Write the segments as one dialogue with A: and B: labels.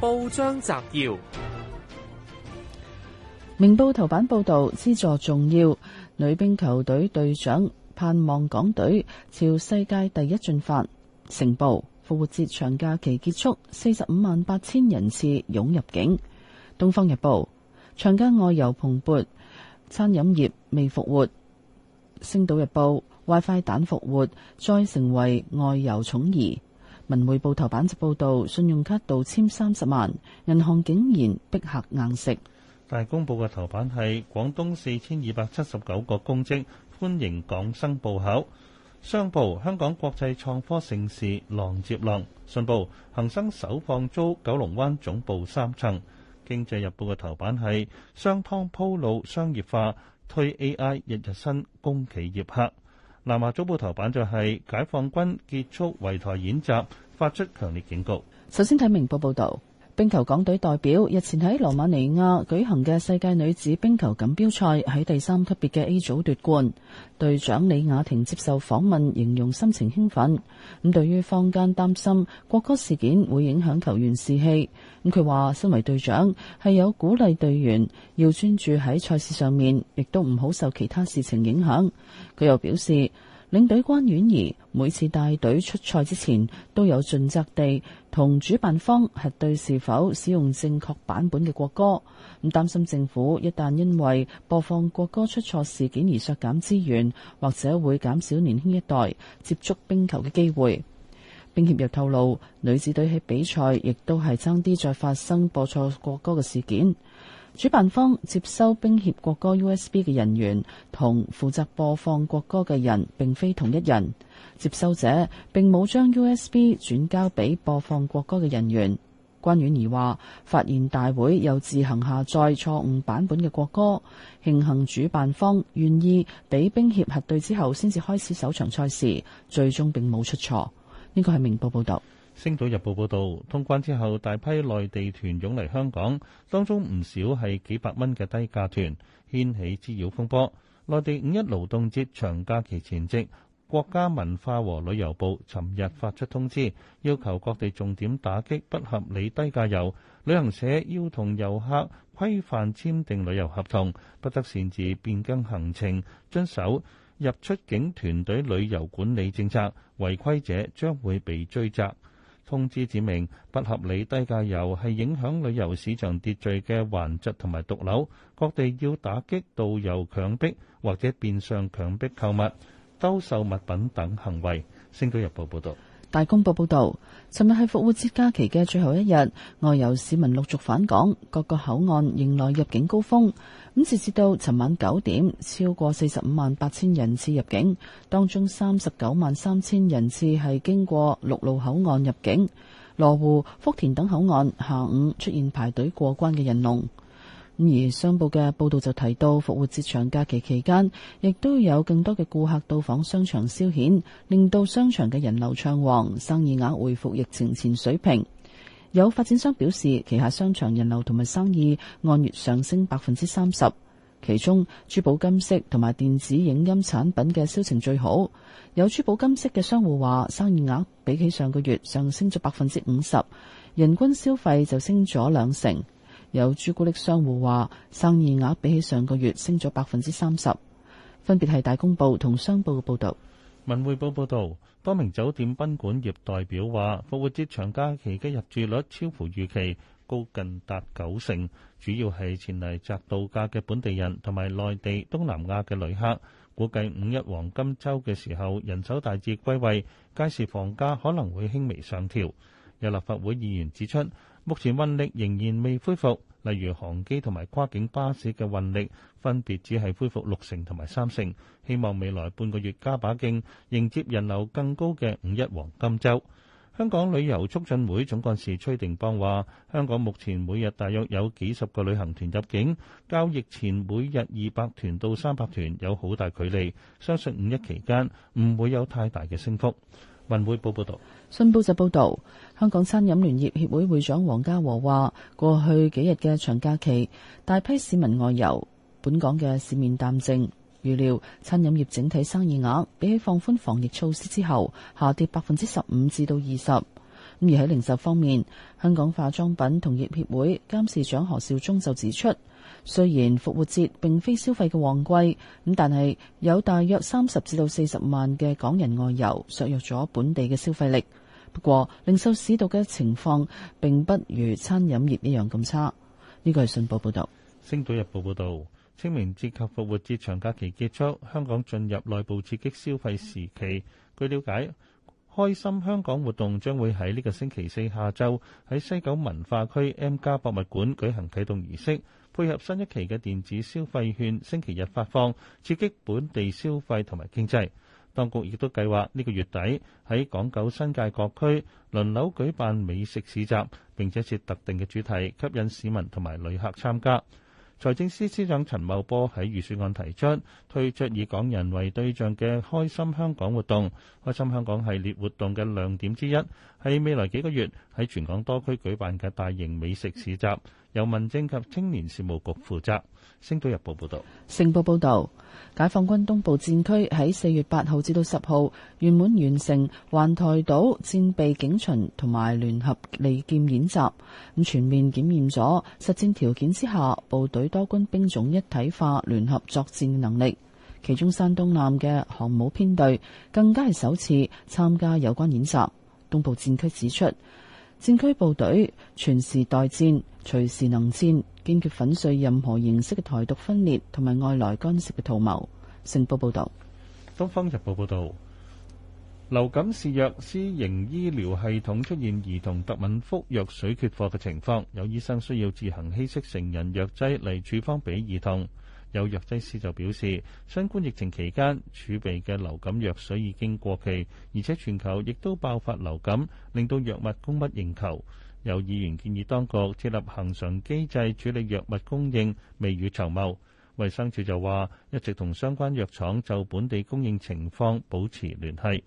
A: 報章摘要：明報頭版報道，資助重要女兵球隊隊長，盼望港隊朝世界第一進發。成報復活節長假期結束，四十五萬八千人次湧入境。東方日報：長假外遊蓬勃，餐飲業未復活。星島日報：WiFi 蛋復活，再成為外遊寵兒。文匯報頭版就報道，信用卡盜簽三十萬，銀行竟然逼客硬食。
B: 大公報嘅頭版係廣東四千二百七十九個公職歡迎港生報考。商報，香港國際創科盛事浪接浪。信報，恒生首放租九龍灣總部三層。經濟日報嘅頭版係商湯鋪路商業化，推 AI 日日新供企業客。南華早報頭版就係解放軍結束圍台演習。發出強烈警告。
A: 首先睇明報報道，冰球港隊代表日前喺羅馬尼亞舉行嘅世界女子冰球錦標賽喺第三級別嘅 A 組奪冠。隊長李雅婷接受訪問，形容心情興奮。咁對於坊間擔心國歌事件會影響球員士氣，咁佢話身為隊長係有鼓勵隊員要專注喺賽事上面，亦都唔好受其他事情影響。佢又表示，領隊關婉儀每次帶隊出賽之前都有盡責地同主辦方核對是否使用正確版本嘅國歌，咁擔心政府一旦因為播放國歌出錯事件而削減資源，或者會減少年輕一代接觸冰球嘅機會。冰協又透露，女子隊喺比賽亦都係爭啲再發生播錯國歌嘅事件。主辦方接收冰協國歌 USB 嘅人員同負責播放國歌嘅人並非同一人，接收者並冇將 USB 轉交俾播放國歌嘅人員。關婉儀話：發現大會又自行下載錯誤版本嘅國歌，慶幸主辦方願意俾冰協核對之後，先至開始首場賽事，最終並冇出錯。呢個係明報報道。
B: 《星島日報》報導，通關之後，大批內地團湧嚟香港，當中唔少係幾百蚊嘅低價團，掀起滋擾風波。內地五一勞動節長假期前夕，國家文化和旅遊部尋日發出通知，要求各地重點打擊不合理低價遊，旅行社要同遊客規範簽訂旅遊合同，不得擅自變更行程，遵守入出境團隊旅遊管理政策，違規者將會被追責。通知指明不合理低價遊係影響旅遊市場秩序嘅頑疾同埋毒瘤，各地要打擊導遊強迫或者變相強迫購物、兜售物品等行為，星島日
A: 報報道。大公報報道，尋日係復活節假期嘅最後一日，外遊市民陸續返港，各個口岸迎來入境高峰。咁截至到尋晚九點，超過四十五萬八千人次入境，當中三十九萬三千人次係經過陸路口岸入境，羅湖、福田等口岸下午出現排隊過關嘅人龍。而商報嘅報道就提到，復活節長假期期間，亦都有更多嘅顧客到訪商場消遣，令到商場嘅人流暢旺，生意額回復疫情前水平。有發展商表示，旗下商場人流同埋生意按月上升百分之三十，其中珠寶金飾同埋電子影音產品嘅銷情最好。有珠寶金飾嘅商戶話，生意額比起上個月上升咗百分之五十，人均消費就升咗兩成。有朱古力商戶話生意額比起上個月升咗百分之三十，分別係大公報同商報嘅報道。
B: 文匯報報道，多名酒店賓館業代表話復活節長假期嘅入住率超乎預期，高近達九成，主要係前嚟宅度假嘅本地人同埋內地東南亞嘅旅客。估計五一黃金周嘅時候人手大致歸位，屆時房價可能會輕微上調。有立法會議員指出，目前運力仍然未恢復，例如航機同埋跨境巴士嘅運力分別只係恢復六成同埋三成，希望未來半個月加把勁，迎接人流更高嘅五一黃金週。香港旅遊促進會總幹事崔定邦話，香港目前每日大約有幾十個旅行團入境，交易前每日二百團到三百團有好大距離，相信五一期間唔會有太大嘅升幅。文匯報報道，
A: 信報就報道，香港餐飲聯業協會會長黃家和話，過去幾日嘅長假期，大批市民外遊，本港嘅市面淡靜，預料餐飲業整體生意額比起放寬防疫措施之後，下跌百分之十五至到二十。而喺零售方面，香港化妝品同業協會監事長何少忠就指出，雖然復活節並非消費嘅旺季，咁但係有大約三十至到四十萬嘅港人外遊，削弱咗本地嘅消費力。不過，零售市道嘅情況並不如餐飲業一樣咁差。呢個係信報報導。
B: 《星島日報》報導，清明節及復活節長假期結束，香港進入內部刺激消費時期。據了解。開心香港活動將會喺呢個星期四下晝喺西九文化區 M +博物館舉行啟動儀式，配合新一期嘅電子消費券，星期日發放，刺激本地消費同埋經濟。當局亦都計劃呢個月底喺港九新界各區輪流舉辦美食市集，並且設特定嘅主題，吸引市民同埋旅客參加。財政司司長陳茂波喺預算案提出，推出以港人為對象嘅開心香港活動。開心香港活動，開心香港系列活動嘅亮點之一，係未來幾個月。喺全港多區舉辦嘅大型美食市集，由民政及青年事務局負責。星島日報報道，
A: 星報報道，解放軍東部戰區喺四月八號至到十號圓滿完成環台島戰備警巡同埋聯合利劍演習，咁全面檢驗咗實戰條件之下部隊多軍兵種一體化聯合作戰能力。其中，山東艦嘅航母編隊更加係首次參加有關演習。東部戰區指出，戰區部隊全時待戰，隨時能戰，堅決粉碎任何形式嘅台獨分裂同埋外來干涉嘅圖謀。成報報道，
B: 東方日報報道，流感肆虐，私營醫療系統出現兒童特敏福藥水缺貨嘅情況，有醫生需要自行稀釋成人藥劑嚟處方俾兒童。有藥劑師就表示，新冠疫情期間儲備嘅流感藥水已經過期，而且全球亦都爆發流感，令到藥物供不應求。有議員建議當局設立恆常機制處理藥物供應，未雨綢繆。衛生署就話一直同相關藥廠就本地供應情況保持聯繫。《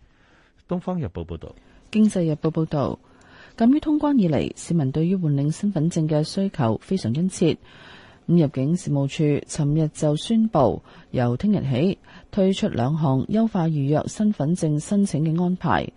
B: 東方日報》
A: 報導，《經濟日報》報導，鑑於通關以嚟，市民對於換領身份證嘅需求非常殷切。入境事務處尋日就宣布，由聽日起推出兩項優化預約身份證申請嘅安排，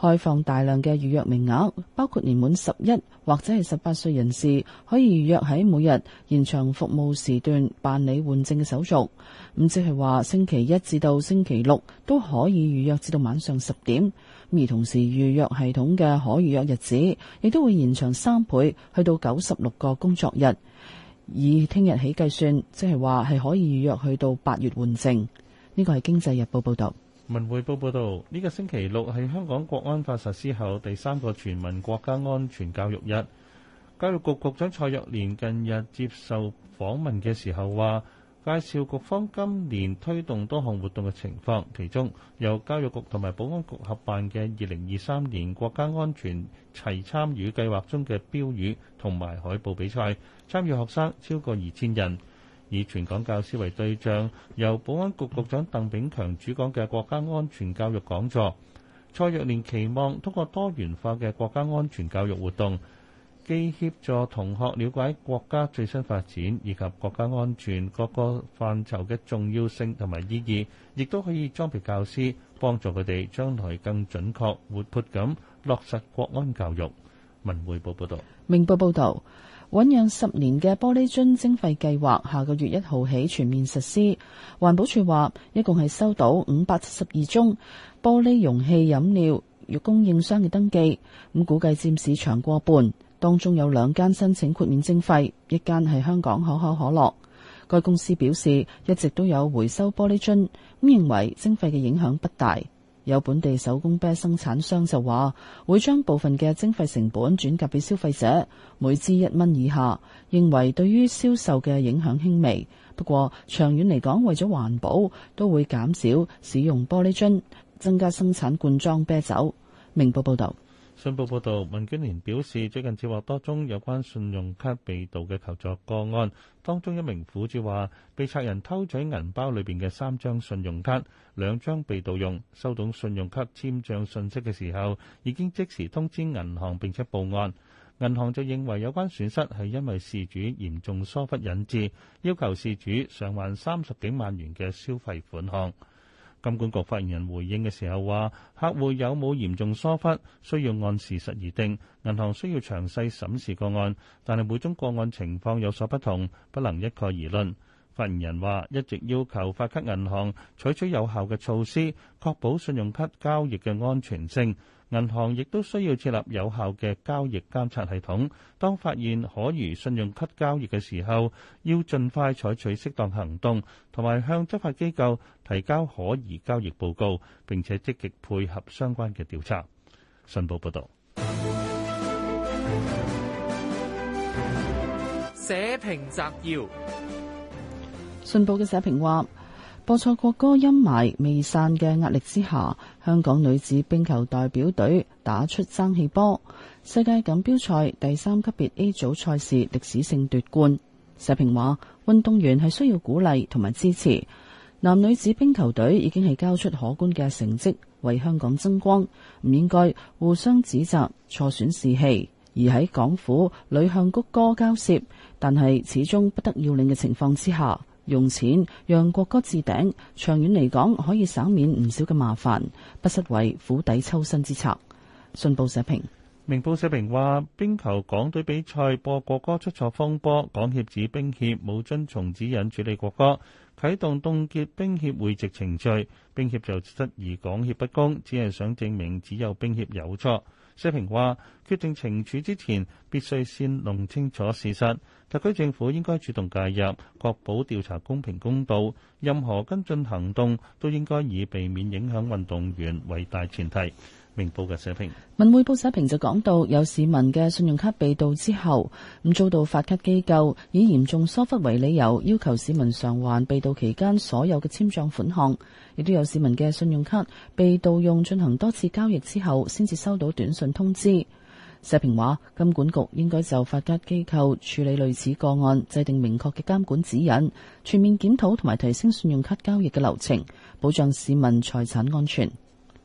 A: 開放大量嘅預約名額，包括年滿十一或者係十八歲人士可以預約喺每日延長服務時段辦理換證嘅手續。咁即係話星期一至到星期六都可以預約至到晚上十點。而同時，預約系統嘅可預約日子亦都會延長三倍，去到九十六個工作日。以聽日起計算，即係話係可以預約去到八月換證。呢個係經濟日報報導，
B: 文匯報報導。呢個星期六係香港國安法實施後第三個全民國家安全教育日。教育局局長蔡若蓮近日接受訪問嘅時候話，介紹局方今年推動多項活動嘅情況，其中由教育局同埋保安局合辦嘅二零二三年國家安全齊參與計劃中嘅標語同埋海報比賽，參與學生超過二千人，以全港教師為對象，由保安局局長鄧炳強主講嘅國家安全教育講座。蔡若蓮期望通過多元化嘅國家安全教育活動，既協助同學了解國家最新發展以及國家安全各個範疇嘅重要性同埋意義，亦都可以裝備教師，幫助佢哋將來更準確活潑咁落實國安教育。文匯報報道：
A: 「明報報道，醞釀十年嘅玻璃樽徵費計劃，下個月一號起全面實施。環保署話，一共係收到五百七十二宗玻璃容器飲料與供應商嘅登記，咁估計佔市場過半。當中有兩間申請豁免徵費，一間係香港可口可樂。該公司表示一直都有回收玻璃樽，咁認為徵費嘅影響不大。有本地手工啤生產商就話會將部分嘅徵費成本轉嫁俾消費者，每支一蚊以下，認為對於銷售嘅影響輕微。不過長遠嚟講，為咗環保，都會減少使用玻璃樽，增加生產罐裝啤酒。明報報道。
B: 信報報導，民建聯表示，最近接獲多宗有關信用卡被盜嘅求助個案，當中一名苦主話，被賊人偷取銀包裏邊嘅三張信用卡，兩張被盜用，收到信用卡簽賬信息嘅時候，已經即時通知銀行並且報案，銀行就認為有關損失係因為事主嚴重疏忽引致，要求事主償還三十幾萬元嘅消費款項。金管局發言人回應嘅時候話，客戶有冇嚴重疏忽，需要按事實而定。銀行需要詳細審視個案，但係每宗個案情況有所不同，不能一概而論。發言人話：一直要求發卡銀行採取取有效嘅措施，確保信用卡交易嘅安全性。銀行亦都需要設立有效嘅交易監察系統，當發現可疑信用卡交易嘅時候，要盡快採取適當行動，同埋向執法機構提交可疑交易報告，並且積極配合相關嘅調查。信報報道。社評摘要。
A: 信報嘅社評話，播錯國歌陰霾未散嘅壓力之下，香港女子冰球代表隊打出爭氣波，世界錦標賽第三級別 A 組賽事歷史性奪冠。社評話，運動員係需要鼓勵同埋支持，男女子冰球隊已經係交出可觀嘅成績，為香港爭光，唔應該互相指責錯選士氣，而喺港府屢向谷歌交涉，但係始終不得要領嘅情況之下。用錢讓國歌置頂，長遠嚟講可以省免唔少嘅麻煩，不失為釜底抽薪之策。信報社評。
B: 明報社評話，冰球港隊比賽播國歌出錯風波，港協指冰協冇遵從指引處理國歌，啟動凍結冰協會籍程序，冰協就質疑港協不公，只係想證明只有冰協有錯。社評話：決定懲處之前，必須先弄清楚事實。特區政府應該主動介入，確保調查公平公道。任何跟進行動都應該以避免影響運動員為大前提。文匯，
A: 文匯報社評就講到，有市民嘅信用卡被盜之後，咁遭到發卡機構以嚴重疏忽為理由要求市民償還被盜期間所有嘅簽賬款項，亦都有市民嘅信用卡被盜用進行多次交易之後，先至收到短信通知。社評話，金管局應該就發卡機構處理類似個案制定明確嘅監管指引，全面檢討同埋提升信用卡交易嘅流程，保障市民財產安全。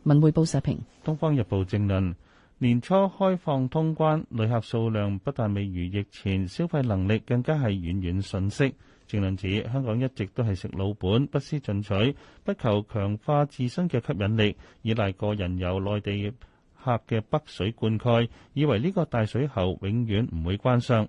A: 文匯報社評：
B: 東方日報正論，年初開放通關，旅客數量不但未如疫前，消費能力更加係遠遠遜色。正論指香港一直都係食老本，不思進取，不求強化自身嘅吸引力，依賴個人遊內地客嘅北水灌溉，以為呢個大水喉永遠唔會關上。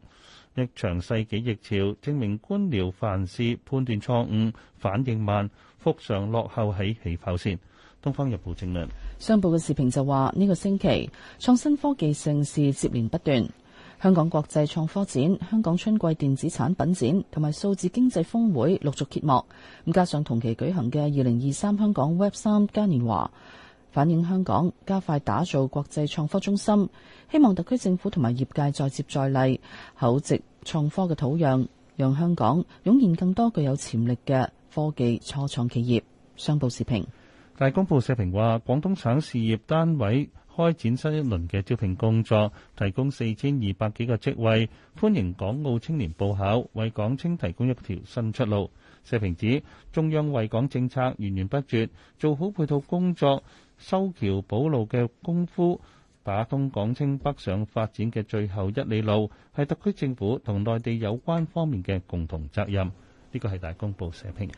B: 一場世紀疫潮，證明官僚凡事判斷錯誤，反應慢，復常落後喺起跑線。《東方日報》政論
A: 商報嘅視頻就話：呢個星期創新科技盛事接連不斷，香港國際創科展、香港春季電子產品展同埋數字經濟峰會陸續揭幕。咁加上同期舉行嘅二零二三香港 Web 三嘉年華，反映香港加快打造國際創科中心。希望特區政府同埋業界再接再厲，厚植創科嘅土壤，讓香港湧現更多具有潛力嘅科技初創企業。商報視頻。
B: 大公報社評話廣東省事業單位開展新一輪嘅招聘工作，提供四千二百幾個職位，歡迎港澳青年報考，為港青提供一條新出路。社評指，中央惠港政策源源不絕，做好配套工作、修橋補路嘅功夫，打通港青北上發展嘅最後一里路，係特區政府同內地有關方面嘅共同責任。呢個係大公報社評。